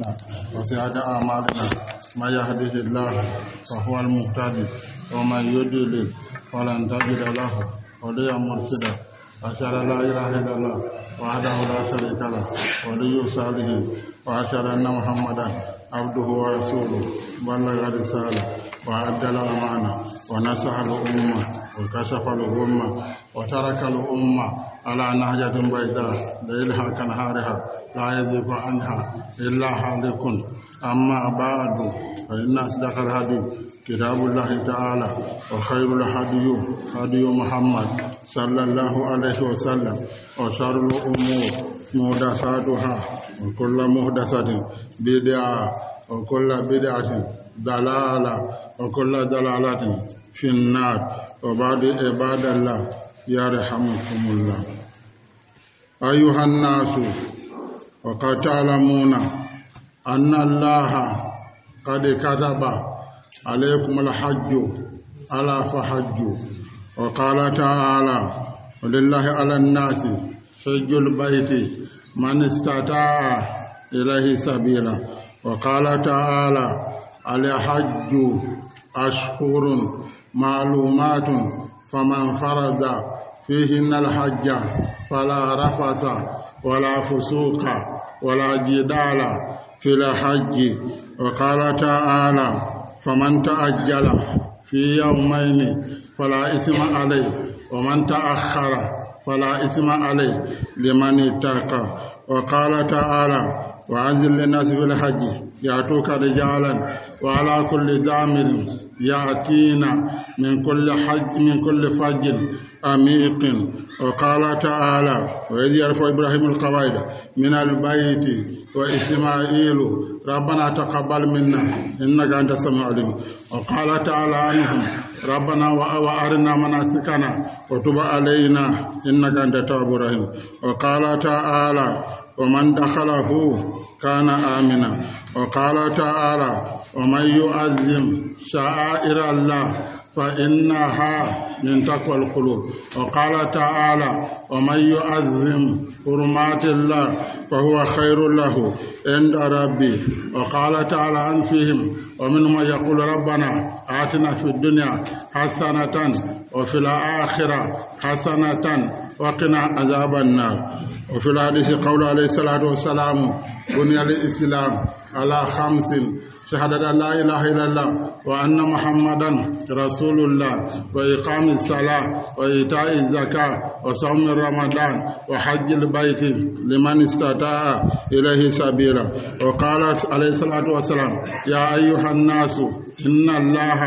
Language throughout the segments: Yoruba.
تعالى وسعت أعمالنا ما يهده الله فهو المهتدي ومن يضلل فلن تجد له وليا مرشدا أشهد أن لا إله إلا الله وحده لا شريك له ولي صالحين وأشهد أن محمدا عبده ورسوله بلغ رسالة وأدى الأمانة ونصح الأمة وكشف الغمة وترك الأمة على نهجة بيضاء ليلها كنهارها لا يذب عنها إلا هالك أما بعد فإن أصدق الهدي كتاب الله تعالى وخير الهدي هدي محمد صلى الله عليه وسلم وشر الأمور محدثاتها وكل محدثة بدعة وكل بدعة ضلالة وكل ضلالة في النار وبعد عباد الله yarhamkumullah ayuhannasu fakad talamuna anna allaha kad kataba alaikum alhajju ala fahajju waqala taala lillahi ala nnasi hijju lbayti man istataa ilayhi sabila waqala taala alhajju ashhurun maalumatun faman farada فيهن الحج فلا رفث ولا فسوق ولا جدال في الحج وقال تعالى فمن تأجل في يومين فلا إثم عليه ومن تأخر فلا إثم عليه لمن اتقى وقال تعالى wa azil linnasi fil haji yatukade jalan wa ala kulli damin yatina min kulli haji min kulli fajin amiqin wa qala taala wa idh yarfau ibrahima alqawaida min albayti wa ismailu rabbana taqabbal minna innaka anta samiu alim wa qala taala anhum rabbana wa arina manasikana wa tuba alaina innaka anta tawabu rahim wa qala taala ومن دخله كان آمنا وقال تعالى ومن يعظم شعائر الله فإنها من تقوى القلوب وقال تعالى ومن يعظم حرمات الله فهو خير له عند ربي وقال تعالى عن فيهم ومنهم يقول ربنا آتنا في الدنيا حسنة وفي الآخرة حسنة wa kina azaban nan wa kaula بني الإسلام على خمس شهادة لا إله إلا الله وأن محمدا رسول الله وإقام الصلاة وإيتاء الزكاة وصوم رمضان وحج البيت لمن استطاع إليه سبيلا وقال عليه الصلاة والسلام يا أيها الناس إن الله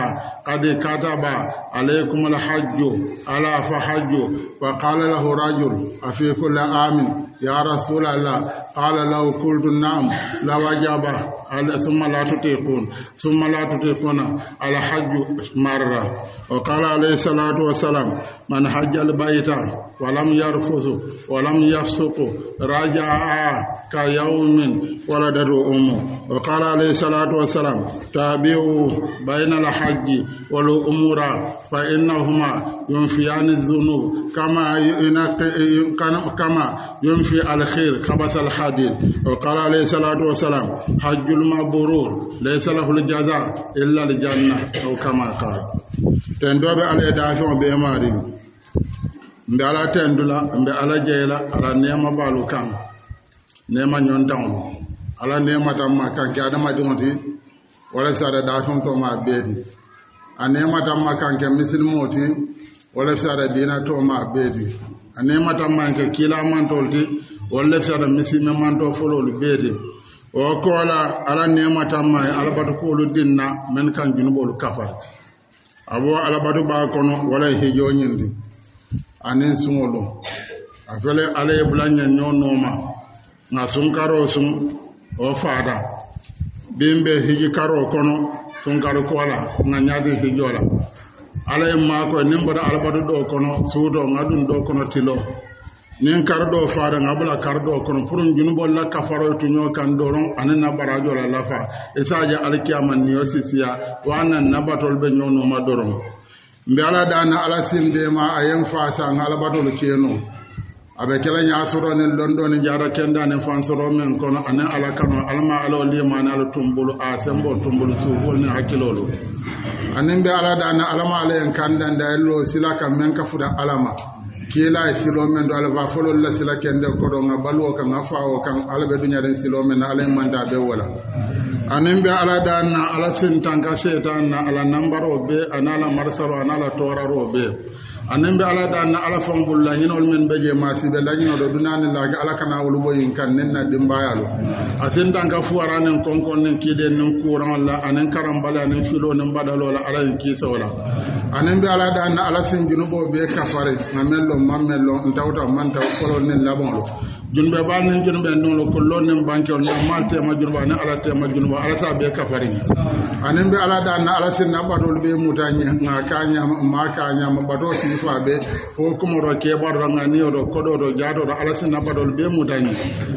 قد كتب عليكم الحج على فحج وقال له رجل أفي كل آمن يا رسول الله قال لو قلت نعم لوجب ثم لا تطيقون ثم لا تطيقون حج مرة وقال عليه الصلاة والسلام man hajjal bayta walam yarfusu walam yafsuku rajaa ka yawmin waladatu ummu wa qala alayhi salatu wassalam tabiu bayna alhajji wal umura fa innahuma yunfiyani dhunub kama kama yunfi alkhir kabasa alhadid wa qala alayhi salatu wassalam hajjul mabrur laysa lahu aljaza illa aljanna aw kama qala ten doɓe alaye dafion ɓe maɗi mbe ala tendu la mbe ala jeyi la ala nema balu kan nema ñon dawlu ala nema tamma kanke adamadiŋo ti wala sada dafeŋ toma beedi a nema tamma kanke misilimo ti wala sada dina toma beedi a nema tamma nke kila mantol ti wala sada misime manto fololu beedi o kola ala nema tamma alabatu kolu dinna men kan junubolu kafar abo alabatu ba kono wala hijo ñindi Ani suŋo loŋ a fele alla ye bula ɲaɲoo nooma ŋa sunkaroo suŋ o faada biŋ be hiji karoo kono sunkari koo la ŋa ñaadi hijoo la alla ye maakoye niŋ bota alabatu doo kono suutoo ŋa duŋ doo kono tiloo niŋ kari doo faada ŋa bula kari doo kono pour junubol la kafaroye tuñoo kaŋ doroŋ aniŋ na barajo la lafa i se a je alikiyama niyo sisiya wo a naŋ nabatolu be ñoo nooma mbe ala dana ala sindema ayen fasa ngalabatolu keno abe kela nya soro ni londo ni jara kenda ni fansoro men kono ane ala kano alma ala wali ma na ala tumbulu a sembo tumbulu sufu ni hakilolu ani be ala dana alama ala en kanda nda sila men ka fuda alama kiila e silo men do ala fa la sila kende koɗo ga baluwo kan a fawo kan ala ɓe duñaren silo men ala manda ɓe wola anin ɓe ala ɗan na ala sintanka setan na ala nambaro ɓe anala ala marsaro ana ala toraro ɓe anan bi ala dan ala fangulla hin ol men beje ma sibe lañino do dunani ga ala kana wol boyin kan nen na dimbayalo asen dan ka ara nen kon nen kide nen kuran la karam bala nen filo nen badalo la ala ki sawla anen bi ala dan ala sin junubo be kafare na mello mamello ndawta man taw kolo nen labonlo junbe ba nen junbe non lo kolo nen banke on ma tema junba na ala tema junba ala sa be kafare anen be ala dan ala sin na badol be mutanya kanya ma kanya ma badol ko kuma min faaɓe fof kumoro keɓorɗo do koɗoɗo jaaɗoɗo ala sinna baɗol ɓe mutañi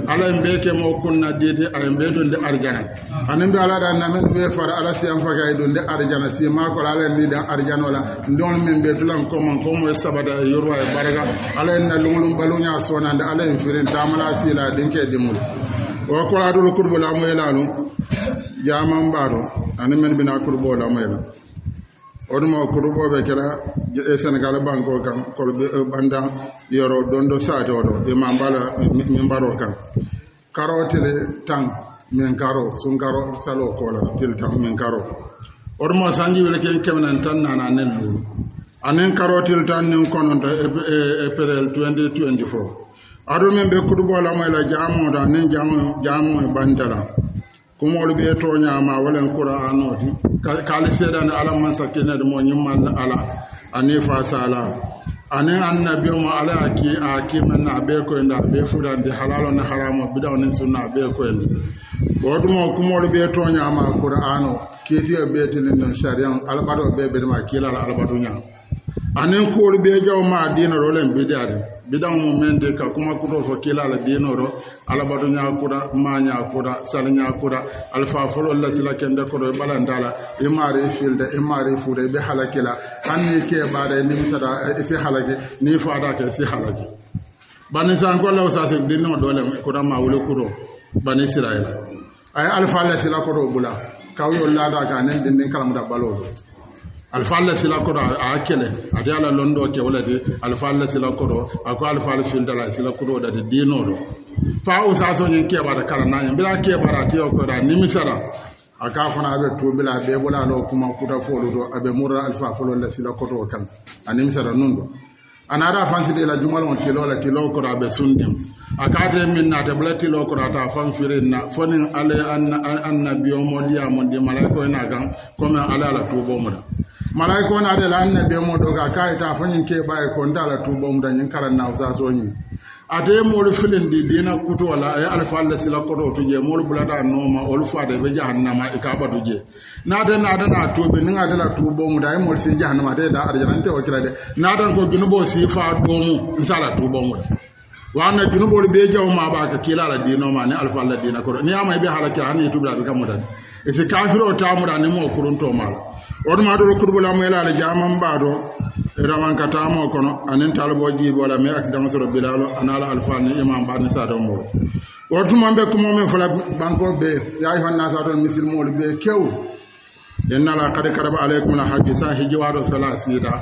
ala en ke mo kunna ɗiɗi ayen ɓe ɗum de arjana ala da na men be fara ala siyan fakay ɗum de arjana si ma ko ala ni da arjana la don men be dulan ko komon ko e mo sabada e yorwa e baraga ala en na lumulum balunya sona da ala en firin ta mala si tamala sila ɗinke ɗimol wa kolaɗol kurɓo lamoyelalu jaman mbaɗo anin men mbina kurɓo lamoyela onuma kuruboɓe keɗa e sénégal banko kan kono ɓanda e, yoro donɗo saate oɗo ima e mbala min mbaro kan karo tele tan min karo sun karo salo kola tele tan min karo oɗuma sanji wele ken kemnen tan nana nen lulu anen karo tele tan nin kononta e perel 2024 aɗo min ɓe kurubola mayla jamoto anen jamo jamo e bandara kuma kumoolu bee tooñaama ma qur'aanooti kura a alaŋ maŋ sakkinede moo ñimmaŋ ala aniŋ faasaala aniŋ annabio mo ala ye ki a kiimaŋ na a ko bee koyindi a bee futandi halalo ni haramo bidaŋo niŋ sunna a bee koyindi wo tumo kumoolu bee tooñaama qur'aano kiitiyo bee tiliŋ noŋ sariyaŋ alabatoo bee bedema kiila la alabatu ñaŋ anin kuolu bee jaw maa diinoro len bidaari bidaŋo mu meŋ de ka kuma kuto fo kila la diinoro alabato ñaa kuda maa ñaa kuda sali ñaa kuda alifa folol la kende i balanta la i maari i filde i maari i i be halaki la haŋ niŋ kee baada i nimisata i e, e si halaki ni i faata ke i si halaki bani sanko law saasi dindiŋo doo lem kuta maa wuli kuto bani israila a ye alifa la sila koto bula kawuyolu laata ka alfalla sila kodo a kele ade ala londo ke wolade alfalla sila kodo ako alfalla findala sila kodo de dino do fa o sa so yin ke bara kala nan bila ke bara te ko da nimisara aka fana abe to bila be bola no kuma kuta fo do abe murra alfa fo la sila kodo kan animisara nundo anara fansi de la jumal on kilo la kilo lo kodo be sundim de min na de ti lo ko da ta fan fire na fonin ale an annabi o moliya mon de malako e na gan kuma ala la bo mo malaiko na da lanne be mo doga kai ta fanyin ke bai ko ndala bom da danyin karan na usa so ni ate molu filin di dina kutu wala ay alfa alla sila koto tu je molu bulata no ma ol fa de be jahannama e ka ba je na da na dan na to be ninga da tu bom da ay molu sin jahannama de da arjana te wakira de na dan ko bo si fa do mu insala tubo mu waana junuɓole ɓe jawo ma ɓaka kila ala dinoma ni alpha allah dina koro ni yama ɓe haala kira han yetuɓiraɓe kamudani e si kafiro tamuɗa ni mo kuruntomala on ma ɗoro kurɓola moelaala jaman mbaɗo rawanka tamo kono anen talabo jiiɓola mais accident soro bilalo anaala alpha ni imam ɓarni satomoɗo o tuma ɓe kumomin fola banko ɓe yaawi fanna satoon misilmoɗo ɓe kew en nala kade karaba alaykum l hajji sa hijjowaɗo sola siida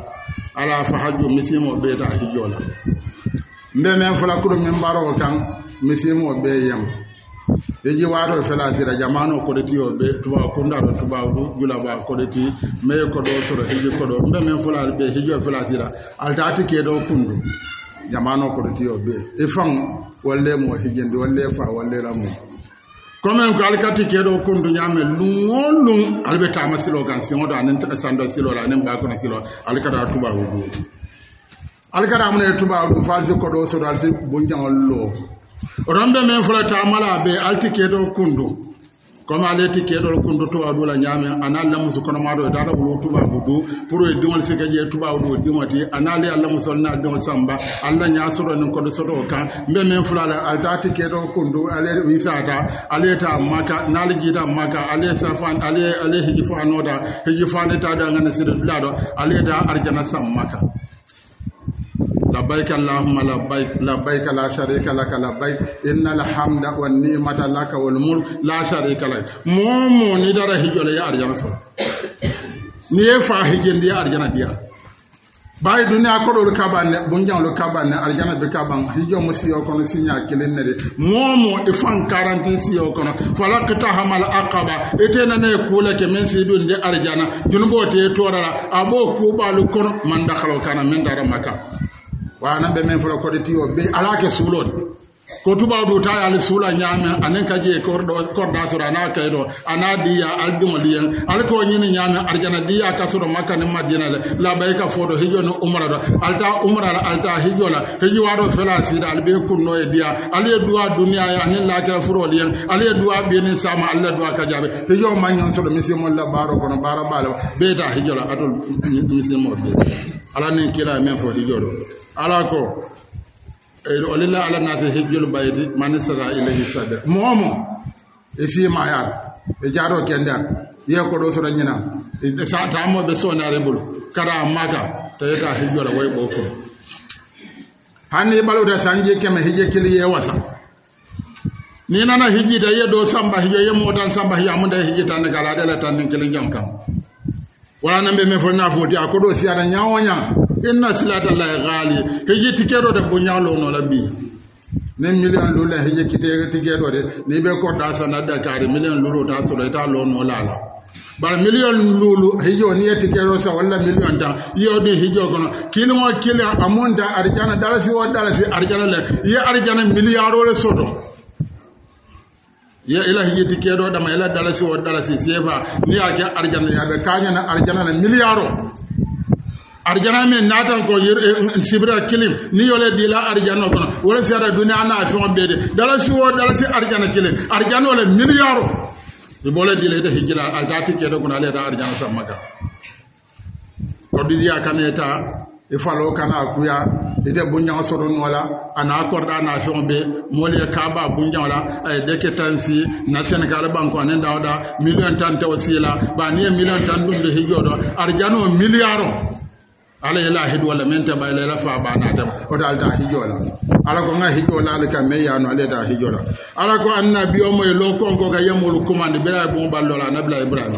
ala fa hajjo misimo ɓeyta hijjola mbe men fula kudu min baro kan misimo be yam yeji wato fela sira jamano ko deti o be tuba ko ndaro tuba ko jula ba ko deti me ko do soro hiji ko do mbe men fula be hiji fela sira altati ke do kundu jamano ko deti o be e fam walle mo hijinde walle fa walle ramu komin ko alkati keɗo kondu ñaame lungol lung alɓe tama silo kan siŋoto anin sando silo la anin bakona silo alkata tubabu du alkadamune tubaw ɗum falsi koɗo soto alsi boñjagol loo romɓe men fola tamala ɓe alti keeɗo kundu comme ale ti keeɗol kundu tubaw ɗula ñaame ana lamusu konomaɗo e tata ɓulo tubabu du pour e diŋol sike ƴe tubaw ɗu diŋoti ana ali allah musolna diŋol samba allah ñasoronin koɗo soto kan mbe men fula la alta ti keeɗo kundu ale wisata ale ta maka naali jiita maka ale safan ale ale hiji fo anoota hiji fo ale taɗo angana sire filaɗo ale ta arjana sam maka لبيك اللهم لبيك لبيك لا شريك لك لبيك إن الحمد والنعمة لك والملك لا شريك لك مومو ندر هجول يا أرجانا سوى نيفا ne bunjan lu kaba ne aljana be kaba hijo musi yo kono sinya kelen ne de momo ifan karantin si yo maka wana be men fulo kodi tiyo be alake sulon ko tuba do ta ya sula nyame anen kaje kordo korda sura na ya anadiya aljumaliyan alko nyini nyame arjana diya kasuro makka ne madina la bayka fodo hijo no umra do alta umra la alta hijo la hijo wado fela sida albe kunno e diya aliye duwa duniya ya anen la kala furo liyan aliye duwa bene sama alla duwa kajabe hijo manyan sura misimo la baro kono bara bala beta hijo la atol misimo ala ne kira men fo hijo do eyi o lilla ala naate hejjol mbayidi manisata ileyi sadir moomo e fiima yaar e, e jaaro kenndean yiya ko ɗo soɗa ñina e, e, taamoɓe soonaare bol kara maaka tawiyata hejjola way ɓo fo hannde ɓalowta sanji keme hijje kili yewasa ni nana hijjita yiya dow samba hijo yemmo tan samba hijo amunda hijji tannde gala aɗela tannde kili jam kam wala nambe min fo nafuuti a koɗo si aɗa ñawoñaa inna silata allahi ghali heji tikeɗo de buñawlono la bi nin million lula heji kite tikeɗo de ni ɓe koɗɗa sanadda kaari million lulu taa soro ita lono lala bara million lulu hijo nii yeti kero sa walla million tan yodi hijo kono kilimo kile ta arjana dalasi o dalasi arjana le ye arjana milliard le soto ye la hiji kedo dama ila dalasi o dalasi sefa ni ake arjana ya be kanya na arjana na milliard arjana min natan ko eh, mm, sibira kilim ni yole dila arjana kono wala si ara duniya na fion bede dala si wo dala si arjana kilim arjana wala miliyaro ibole dila ida hijila agati kedo kuna ale da arjana samaka kodidi akaneta ifalo kana kuya ite bunyaŋo soto noo la a naa korda naa feŋo be moolu ye kaa baa la a eh, ye deke taŋ si na senegal banko aniŋ dawuda miliyoŋ taŋ tewo sii la baa niŋ ye miliyoŋ taŋ duŋ de hijoo do arijanoo miliyaaro ala ye la hidu wala men taba ila la fa ba na taba o dal ta hijo la ala ko nga hijo la ala ka me ya no ala ta hijo la ala ko annabi o mo lo ko ko ga yamul kumande bela bon ballo la nabla ibrahim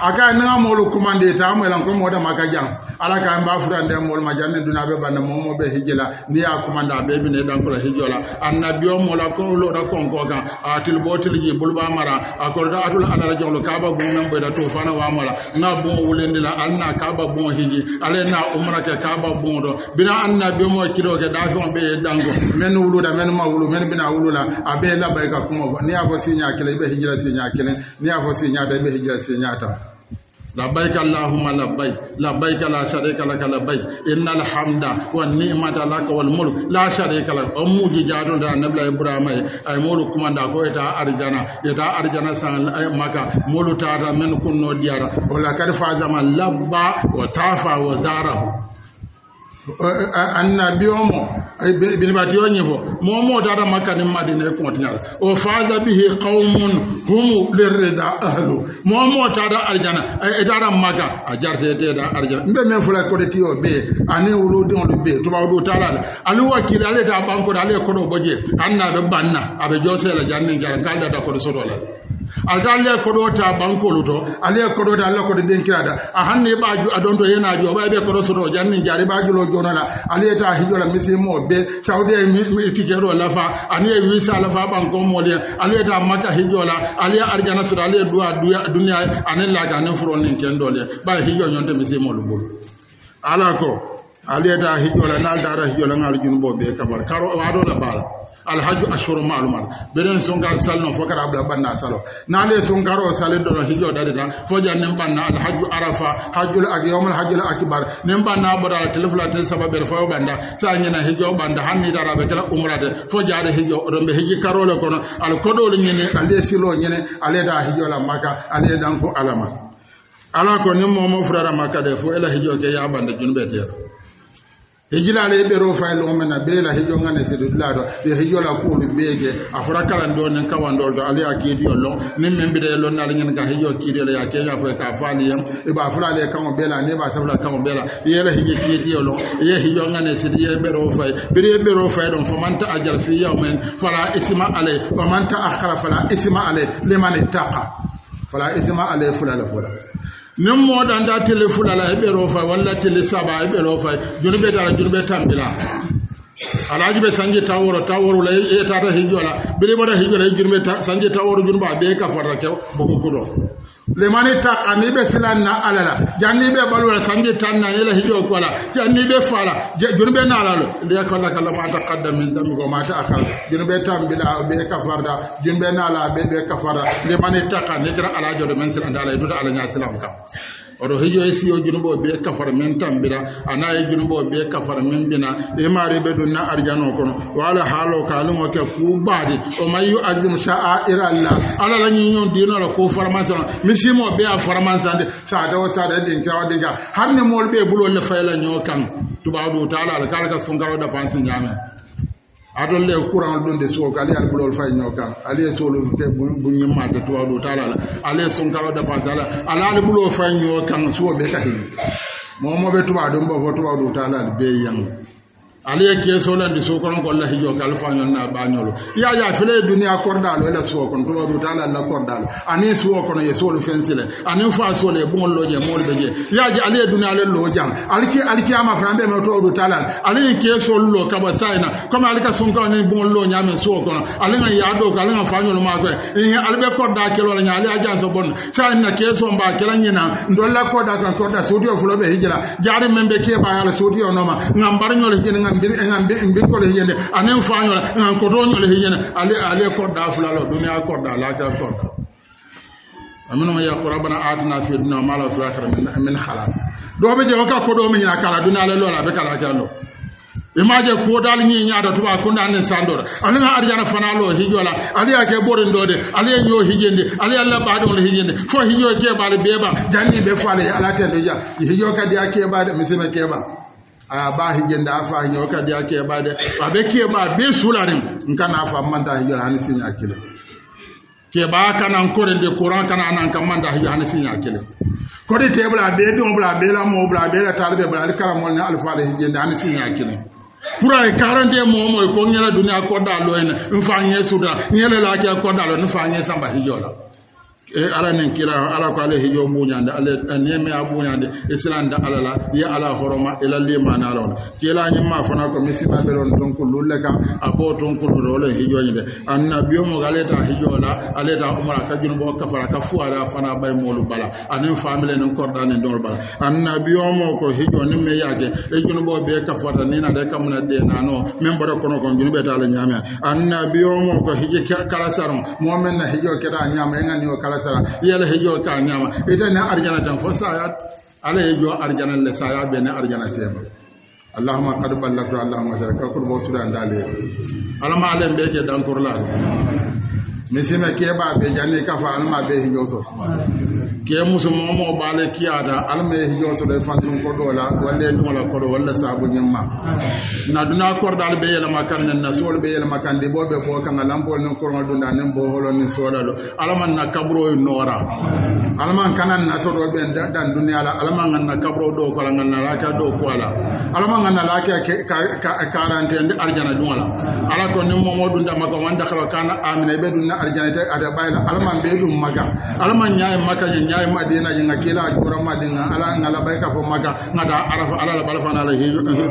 aka ne ga moolu kumande ta a moylan ko moda maka jang ala ka mba furande moolu ma janne duna be banda mo mo be hijila ni ya kumanda be bine dan ko hijola annabi o moola ko lo da kon ko ga atil botil ji bulba mara akol da atul ala jonglo kaba bu men be da to fana wa mala na bon wulende la alna kaba bu hiji ale na umra ke kaba bu do bina annabi mo kilo ke da ko be dango men wulu da men ma wulu men bina la abe la bay ka kuma ni ya ko sinya kele be hijila sinya kele ni ya ko sinya da be hijila sinya ta labbaik allahumma labbaik labbaik la sharika lak labbaik innal hamda wan ni'mata lak wal mulk la sharika lak o muji jadu da nabi ibrahim ay mulu kuma da ko ta arjana ya ta arjana san ay maka mulu ta da men kunno diara wala kad fa zaman labba wa tafa wa zarahu annabi omo ibn bati yo nyifo momo dada makani madina ko tinya o faza bihi qaumun hum lirida ahlu momo tada arjana e, e dada maka ajarte te da arjana mbe men fula ko ti o be ani wulu don do be to ba do tara ani wakira ale ta banko da ale ko do boje annabi banna abe jose la jannin jaran kalda da ko so do la alta allah koɗota bankolu to allah koɗota allah koɗo ɗenkiraɗa a hanne ɓaju aɗon to yenaji o ɓaɓe koɗo soto janni jari ɓajulo jonola aliyeta hijola misimo ɓe sawde tikeɗo lafa aniye wisa lafa ɓankomoliya aliyeta makka hijola aliya arjana soto aliye duwa duniya anen laga anen furonnin kendole ɓa hijo ñonte misimolu bol ala ko aliyata hijola nal dara hijola ngal jun bo be kabar karo wado la bal al hajju ashhuru ma'lumat benen songal salno fokara abla banna salo nale garo sale do hijjo da dan foja nem banna al hajju arafa hajjul ak yawmul hajjul akbar nem banna bora telfula tel sababe fo banda sa nyina hijo banda hanni dara be kala umrade foja de hijo do be hiji karo le kono al kodo le nyene ale silo nyene ale hijjola maka ale ko alama ala ko nim momo furara maka de fo ela hijjo ke ya banda jun be hijila le be ro fay mena be la hijo ngane se dula do de hijo la ko be bege afra kala do ne ka wando do ali ake di lo ne men lo na le ngene ka hijo ki de ya ke fo ka fa yam e ba afra le ka mo ne ba sabla ka mo be la ye la hijo ki di lo ye hijo ngane se ye be ro fay be fa be ro fay don famanta ajal fi yawmen fala isma alay famanta akhara fala isma alay liman ittaqa fala isma alay fulala fulala nin moɗanta télé fulala e ɓeero fay walla télé saba e ɓeero fay joni ɓe tara joni ɓe tambila alaji ɓe sanje tawworo tawworola ƴetata hijjola bele mbaɗa hijjola e jurme sanje tawworo jurmba ɓe ka fota kew bokokuɗo lemani taqaniɓe silanna alala janniɓe ɓalwala sanje tannanela hijo kola janniɓe fala jurɓe nalalo ndeya kalla kalla ma taqadda min dambigo mata akal jurɓe tambiɗa ɓe ka farda jurɓe nala ɓe ɓe ka farda lemani taqa nikra alajoɗo men silanda ala e duta ala ña silam kam oto hijo e siyo junubo be kafar min tambira ana e junubo be kafar min bina e mari be dun na arjano kono wala halo kalun o ke fu baadi o mayu azim sha'aira allah ala la nyi nyon dino la ko farmansa mi mo be a san de sa da wa sa da din ka wa diga har ne mol be bulo le fayla tubabu tubadu taala al kala ka sun garo da fansin jami'a adol le courant don de so kali al bulol fay nyoka ali so lo te bu nyima de to do tala ali so ngalo da pa tala ala al bulol fay nyoka so be tahi mo mo be tuba do mbo tuba do tala be yang ale ye keesola ndi suukono ko la hijo kal fañol na ba bañolo yaya fele duniya kordalo ela suwo kono tuma du tala la kordalo ani suwo kono ye solu fensile ani fa sole bonlo je mol beje yaji ale ye duniya le lo jam alki alki ama frambe me to du la ale ye keesol lo kaba sayna comme alka sunka ni bonlo nyame suwo kono ale nga ya do kala fa fañol ma ko e albe korda kelo la nyale aja so bon sayna keeso mba kela nyina ndolla da kan korda studio fulo be jaari jari membe ke ba hala studio noma ngambar nyol hijra ngambir ngambir ngambir ko le yende anen fa nyola ngan ko ronyo le yende ale ale ko da fula lo dunya ko da la ta ko da amino ya ko rabbana atina fi dunya ma la fi akhirah min min khala do be je ka ko do min kala dunya le lo la be kala jallo imaje ko dal ni nyaada to ba ko ndan ne sandor ale na arjana fana lo hijola ale ya ke borin do de ale nyo hijende ale Allah ba do le hijende fo hijo ke ba le beba janni be fale ala tan do ja hijo ka dia ke ba de misina ke ba ba hijenda afa nyo kadi ake ba de ba be ke ba be sularin in kana afa manda hijira hani sin yakile ke ba kana nkore de kuran kana nan kan manda hijira hani sin yakile ko de te bla be don bla be la mo bla be la tarbe bla al karam wal alfa de hijenda hani sin yakile pura e karante mo mo e ko nyela dunia ko da lo en fa nyesuda nyela la ke ko da lo nfa samba ba hijola E, ala nin kira ala ko ale hijo buñande ale neme a buñande e ala la ye ala horoma ela limana ala ona kila ñimma fana ko misima ɓeɗon tonku lulle kam a bo tonkuɗuɗo olen hijoñi de annabiyo mo aleta hijola aleta umara ka junubo kafara ka fuwara fana ɓay molu bala anin famile nin korɗani dol bala annabiyo mo ko hijo nin me yake e junubo ɓe kafata nina de kamuna denano min mboɗo kono kon junuɓe ta ala ñamea annabiyo mo ko hiji kala saron momin na hijo keɗa ñama e o kala sara yala hejo ka nyama ita na arjana tan fo sa hejo arjana le be na arjana tema allahuma kad ballatu allahuma jara kalkul bo sudan dale alama alen be je dan kurla misime ke ba be janni ka fa alma be hijo so ke musu momo bale kiyada alma e hijo so de fansun ko do la walle dum la ko do walla sabu nyamma na duna kor dal be yela makan na sol be yela makan de bo be bo kan alambo non ko do dan nan bo holo ni sodalo alama na kabro nora alama kanan na so do be dan duniya la alama na kabro do ko la ngana la ga nalake karante nde arjana ɗum ala ala ko nin momoɗum damaga wanda kala kana amina ɓe ɗum ne arjanate aɗa ɓayla alaman ɓe ɗum maga alaman ñaye makkaje ñaye madinaji ga kila jurama ɗi ga ala ngala ɓay ka fo maga gada arafa alaala ɓala fanala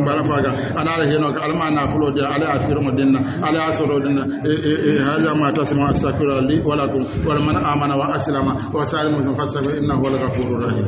ɓalafaga anala henoka alama na fulo de ala a firmo dinna ala a soro dinna e, e, e, haja ma tasima astahfirullah li wa lakum wala man amana wa aslama wa salimu fastahfir innahu wa lagafurur rahim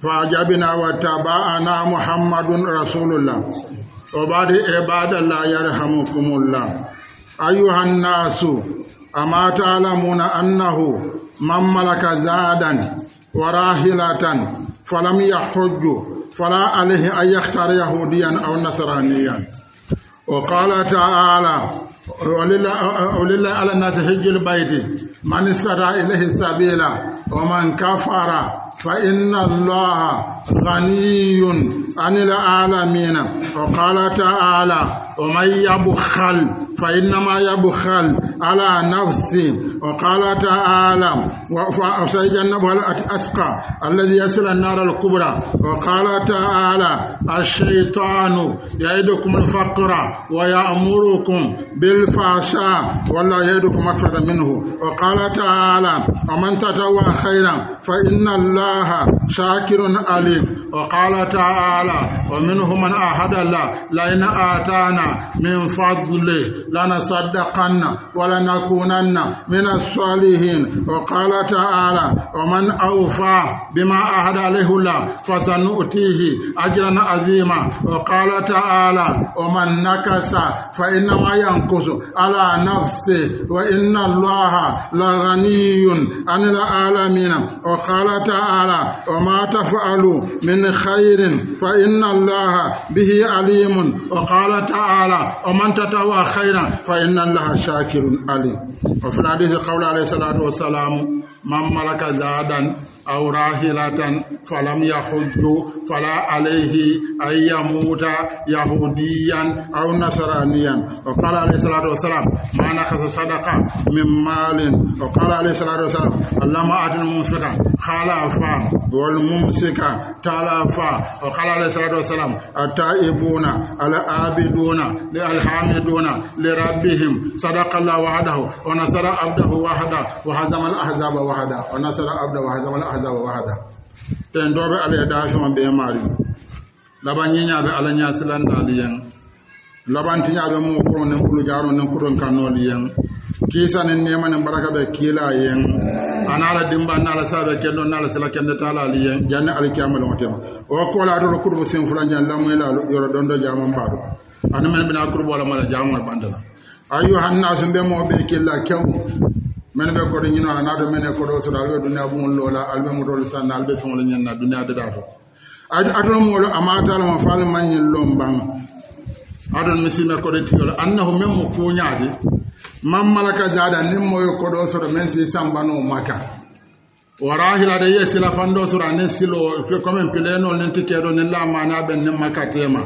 fajabina wattaba'ana muhammadun rasulullah o ɓaɗi ibadallah yarhamukumullah ayuhannasu amatalamuna annahu man malaka zadan warahilatan falam yahujju fala alayhi an yahtara yahudiyan aw nasraniyan o qala ta'ala ولله على الناس حج البيت من استطاع اليه سبيلا ومن كفر فان الله غني عن العالمين وقال تعالى ومن يبخل فإنما يبخل على نفسه وقال تعالى وسيجنبها الأسقى الذي يصل النار الكبرى وقال تعالى الشيطان يعدكم الفقر ويأمركم بالفحشاء ولا يعدكم أكثر منه وقال تعالى ومن تتوى خيرا فإن الله شاكر عليم وقال تعالى ومنهم من أحد الله لئن آتانا من فضله لنصدقن ولنكونن من الصالحين وقال تعالى ومن أوفى بما أهد له الله فسنؤتيه أجرا عظيما وقال تعالى ومن نكس فإنما ينكس على نفسه وإن الله لغني عن العالمين وقال تعالى وما تفعلوا من خير فإن الله به عليم وقال تعالى تعالى ومن تتوى خيرا فإن الله شاكر عليم وفي الحديث قول عليه الصلاة والسلام من ملك زادا أو راهلة فلم يحج فلا عليه أن يموت يهوديا أو نصرانيا وقال عليه الصلاة والسلام ما نقص صدقة من مال وقال عليه الصلاة والسلام اللهم أعطي المنفقة خلافا bol mum talafa tala fa o khala le salatu wassalam ataibuna al abiduna li al hamiduna li rabbihim sadaqa allah wahdahu wa nasara abdahu wahda wa hazama al wa nasara abdahu wa hazama al ahzab wahda ten dobe al da dashu be mari laban nyanya be ala nya laban tinya be ko non kulu jaro non kanoliyan kisa ni nema ni baraka bɛ kila yen ana ala dimba ana ala sabe kendo ana ala sila kendo ta ala aliye janna alikiyama lɔn tema o ko la adoro kurubu sen fula jan lamu ila yɔrɔ dɔn dɔ jama ba do ani mɛn bɛna kurubu wala mala jama wala bandala ayu hanna sun bɛ mɔ bɛ kila kyɛw mɛn bɛ kɔrɔ ɲinɔ ana do mɛn kɔrɔ sɔrɔ alu bɛ duniya bun lɔ la alu bɛ mɔdɔ san na alu bɛ fɛn wɛrɛ ɲɛna duniya de da do adoro mɔdɔ a ma taa la ma fɔ ale ma ɲin lɔn ban aɗon mi sima koɗo tiyol annahu min mo kuñaade man malaka jaada nin ko koɗo soto min si n'o maka wara hilade ye sila fando soro anin silo commin pilenol nin tikeɗo nin lamana ɓen nin makka tema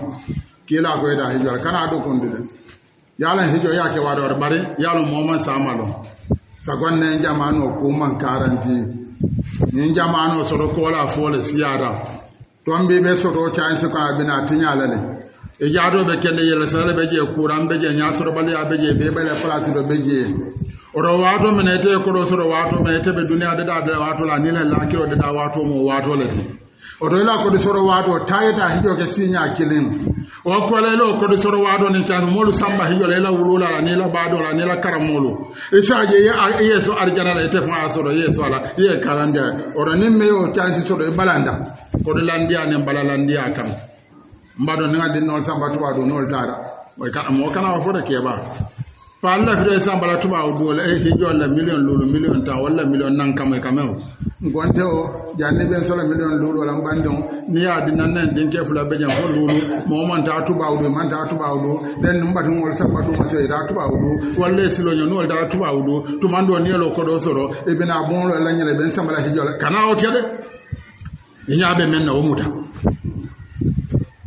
kila koyda hijora kana ɗo kondude yalan hijo yake bari ɓari yalon moman samalo sagon nen jamano kuman karanti nin jamano soto kola fole siyada ton mbiɓe soto cansi kono abina tiñalale eji ado be kende yele sala be je kuran be je nyasoro bale ya be je be bale place do be je oro wato mene te ko do soro wato mene te be duniya da da wato la nila la kiro da wato mo wato le oto ila ko do soro wato tayeta hijo ke sinya kilin o ko le lo ko do soro wato ni tan molu samba hijo la la wulula la nila bado la nila karamolu isa je ye yeso arjana le te fa soro yeso ala ye kalanda oro nimme o tan si soro e balanda ko do landia ne balalandia kam mbaɗo ni gaddi nol samba tuba do nol tara way kana mo kana wa fota keba fa alla fi do samba la tuba do la e hijo la million lulu million ta wala million nan kam e kamel gonte o janne ben sala million lulu wala bandon ni ya di nan nan din ke fula be jam fo lulu mo man ta tuba do man ta tuba do den num bat samba to ma se ta tuba do wala silo nyo nol ta tuba do to man do ni lo ko do soro e bina bon la nyele ben samba la hijo kana o tiade inya be men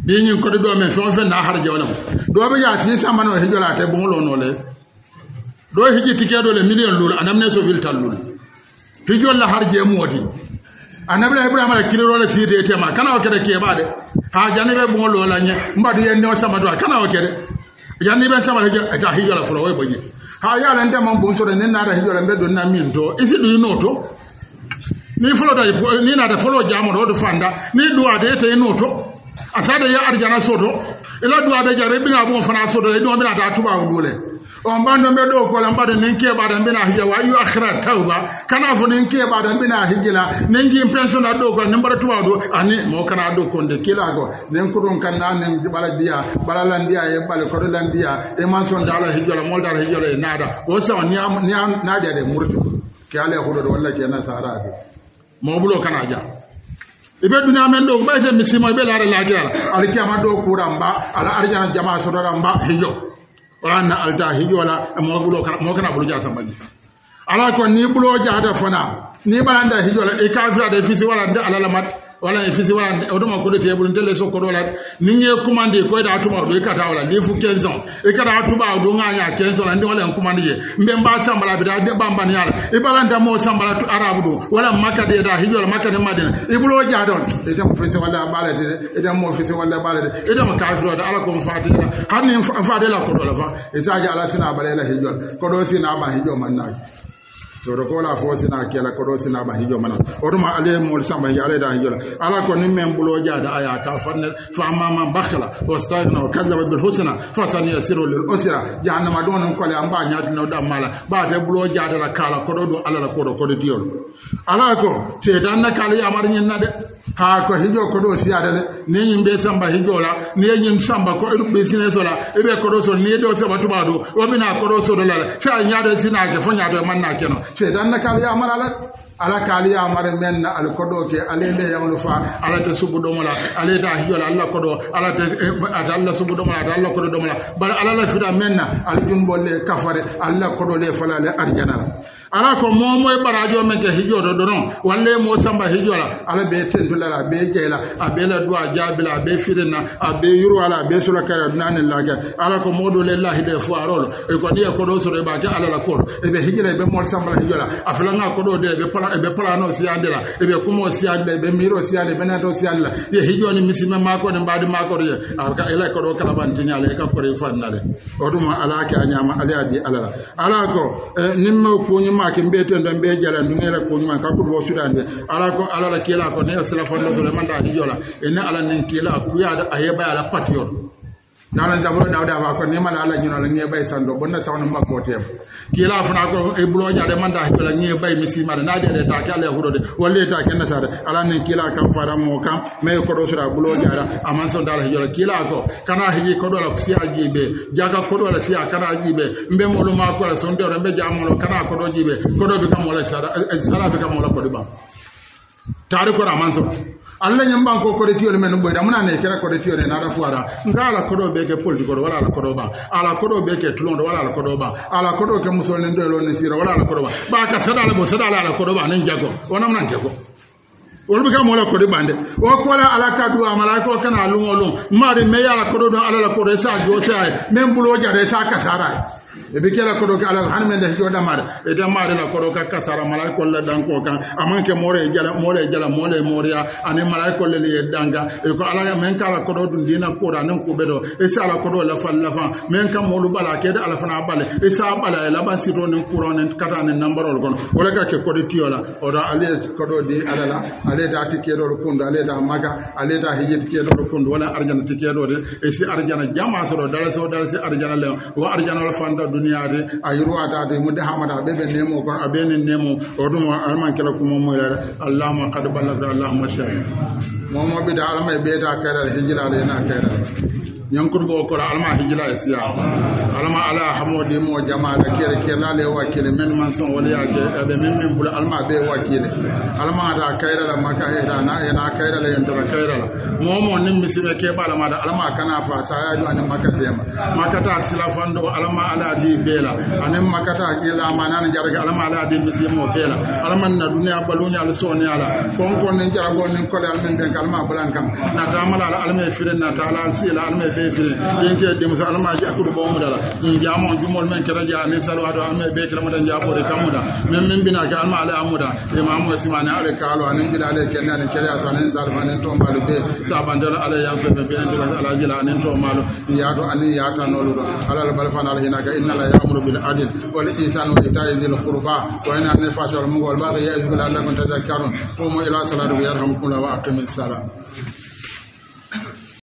bi nyin kodo do men so fe na har je wala do be ya sin sama no hijo la te bon lo no le do hiji tike do le million lul anam ne so vil tan lul hijo la har je moti anabla ibrahim ala kiri rola si te tema kana o kede ke bade ha jani be bon lo la nye mbadi yen no sama do kana o kede jani be sama le ta hijo la furo we boje ha ya la ndema bon so ne na da hijo la mbedo na min do isi do you know to ni folo da ni na da folo jamo do fanda ni duwa de te no to asade ya arjana soto ila duwa be jare bina bon fana soto e don bina ta tuba ngule on bando be do ko lamba de ke ba de bina hija wa yu akhira tauba kana fo ke ba de bina hijila ningi pension da do ko nembara tuba do ani mo kana do ko de kila go nen ko don kanna nen bala dia bala landia e bala ko do landia e mansion da la hijala mol da hijala e nada o sa ni am ni am nada de murtu ke ale ko do walla ke na sarati mo bulo kana ja ibe duñamen ɗo ɓayte mi simo ɓe laare laakirala ala kiyama ɗo kuran ba ala arjana jama sodoran ba hijo olanna alta hijo ala mo kana ɓolo jata mbaɗi ala ko ni ɓulo jata fana ni ɓayanda hijo ala e kafirade fisi wala nde alalamat wala e fisi wala e o ɗuma koɗo te ɓuri ndelle la nin ye commande ko eɗa tuma ɗo i e kata wala lifu 15 ans i kata tuba ɗo gaña 15 ans ndi wala en commande ye mbe mba sambala bita de bambaniyala i e ɓalanta mo sambala tu arabu ɗo wala makka de ɗa hijola makka de madina i ɓulo jadon etemo fisi walla ɓalede eten mo fisi walla ɓalede etemo kafirode ala kom fatira har nin fatela koɗo la fa e saji ala sina ɓalela hijol koɗo sina ɓa hijo mannaji soro ko la fo sina kela ko do sina ba hijo mana o dum ale mol samba ya ale da hijo ala ko nim men bulo jaada aya ta fanne fa mama bakhala wastagna wa kadzaba bil husna fa san yasiru lil usra jahannama don non ko le amba nyaati no da mala ba te bulo jaada la kala ko do do ala la ko do ko do diol ala ko setan na kala ya mar na de ha ko hijo ko do siyata de ni yim be samba hijo la ni yim samba ko ilu be sine so la e be ko do so ni do so batu ba do o bi na ko do so do la cha nya de sina ke fo nya do man na ke no che dan na kala ya mara la ala kaali yamare men na ala koɗo ke ala nde yamlu fa alata subuɗomola alata hijola allah koɗo alaata allah subuɗomola ata allah koɗo ɗomola bara alala fiɗa men na ala ƴumbolle kafare allah koɗo le falale arjanala ala ko momo e ɓarajo men ke hijoto ɗo non walle mo samba hijola ala ɓe tentulala ɓe jeyla aɓe la duwa jabila aɓe firinna aɓe yurwala aɓe sulakare nane lake ala ko moɗo lellahi ɗe fo aroɗo eko ɗiya koɗo soto e ɓake alala koɗo eɓe hijira eɓe mol sambala hijola a filanga koɗo de ɓe pala no ebe plano si andela ebe kumo si andela ebe miro si andela ebe nato si andela ye hijo ni misima mako ni mbadi mako ye arka ila ko do kala ban tinya le ka ko re fanna le oduma ala ke anyama ala adi ala ala ko e, nimmo ko ni ma ke mbeten do mbe jala ndungela ko ni ma ka ko bo sudande ala ko ala la kila ko ne sala fanno so le manda hijo la ene ala nin kila ku ya da ayeba ala patio nana zaburo dawda ba ko ni mala ala nyino la ngi bay sando bonna sawno makko tem ki la fana ko e bulo nyaade manda ko la ngi bay misi mala na de ta ka le hurode walle ta ken nasara ala ne kila kam fara mo kam me ko do sura bulo nyaara aman son dala hijola kila ko kana hiji ko do la ko siya jibe jaga ko do la siya kana jibe mbe molo ma ko la son de mbe jamolo kana ko do jibe ko do bi kam wala sara sara bi kam wala ko do ba tare ko aman son alla ñamba ko kodetiyole men ɓoyda munane kera kodetiyole en aɗa fo aɗa nga ala koɗo ɓe ke politikoɗo wala ala koɗo ba ala koɗo ɓe ke tuloɗo wala ala koɗo ba ala koɗo ke musol musolne ndoylo ne sira wala ala koɗo ba ba ka saɗa ala bo saɗa ala ala koɗo ba nen jago wonamnan jago olu bɛ kɛ mɔgɔ la kodo ban dɛ o kɔla ala ka du a ma la ko kana lɔn o lɔn n ma de mɛ yala kodo dɔn ala la kodo i s'a jɔ s'a ye mɛ n bolo o ja dɛ i s'a kasara ye e bi kɛra kodo kɛ ala la hali mɛ dɛ jɔ dama dɛ e dɛ ma kan a ala ka mɛ n na ko la ne ko bɛ dɔn e s'a b'a la de ala b'a la e b'a la yɛ laban si dɔn ni kuran ni kata ni nanbara olu kɔnɔ o de aleda ati keɗoɗo kundu aleda maga aleda hijiti keɗoɗo kundu wala arjana ti keɗode e si arjana jama soɗo dala so dala si arjana lew wo arjanala fanda duniyade a yirwatade mudde hamata ɓeɓe nemo kono a nemo o ɗum almankela kumomoyrere allahuma kad ballata allahuma shahid momoɓida alama e ɓeyda kayrare hijirade ena kayrare yankurgo okora alma hijila isiya alma ala hamodi mo jama'a da kere ke lale kere min man son wali ya ke be min min bula alma be kere alma da kaira da maka hira na ina kaira la yanda kaira mo mo nin misime ke ba ma da alma kana fa sa ya ju anin maka ma. maka ta sila fando alma ala di bela anin maka ta kila ma na jarga alma ala di mo bela alma na duniya balunya al soni ala kon kon nin jargo nin ko da min den kalma bulan kam na ta mala alma e firin na ta ala sila alma e betile yinte de musa alma ja kudu bo mu dala jamo jumol men kala ja min salwado alma be kala mu dan jabo de kamuda men min bina ka alma ala amuda imamu ismani ale kalo anin gila ale kenna anin kala aso anin salfa anin to mbalu be sabandal ala yanso be ben dala ala gila anin to malu yaado anin yaata noludo ala al balfan ala hinaka inna la ya'muru bil adl wal ihsan wa ita'i dhil qurba wa yana anil fashal mugol bari ya'zbu la'allakum tadhakkarun qumu ila salatikum yarhamukum wa aqimis salam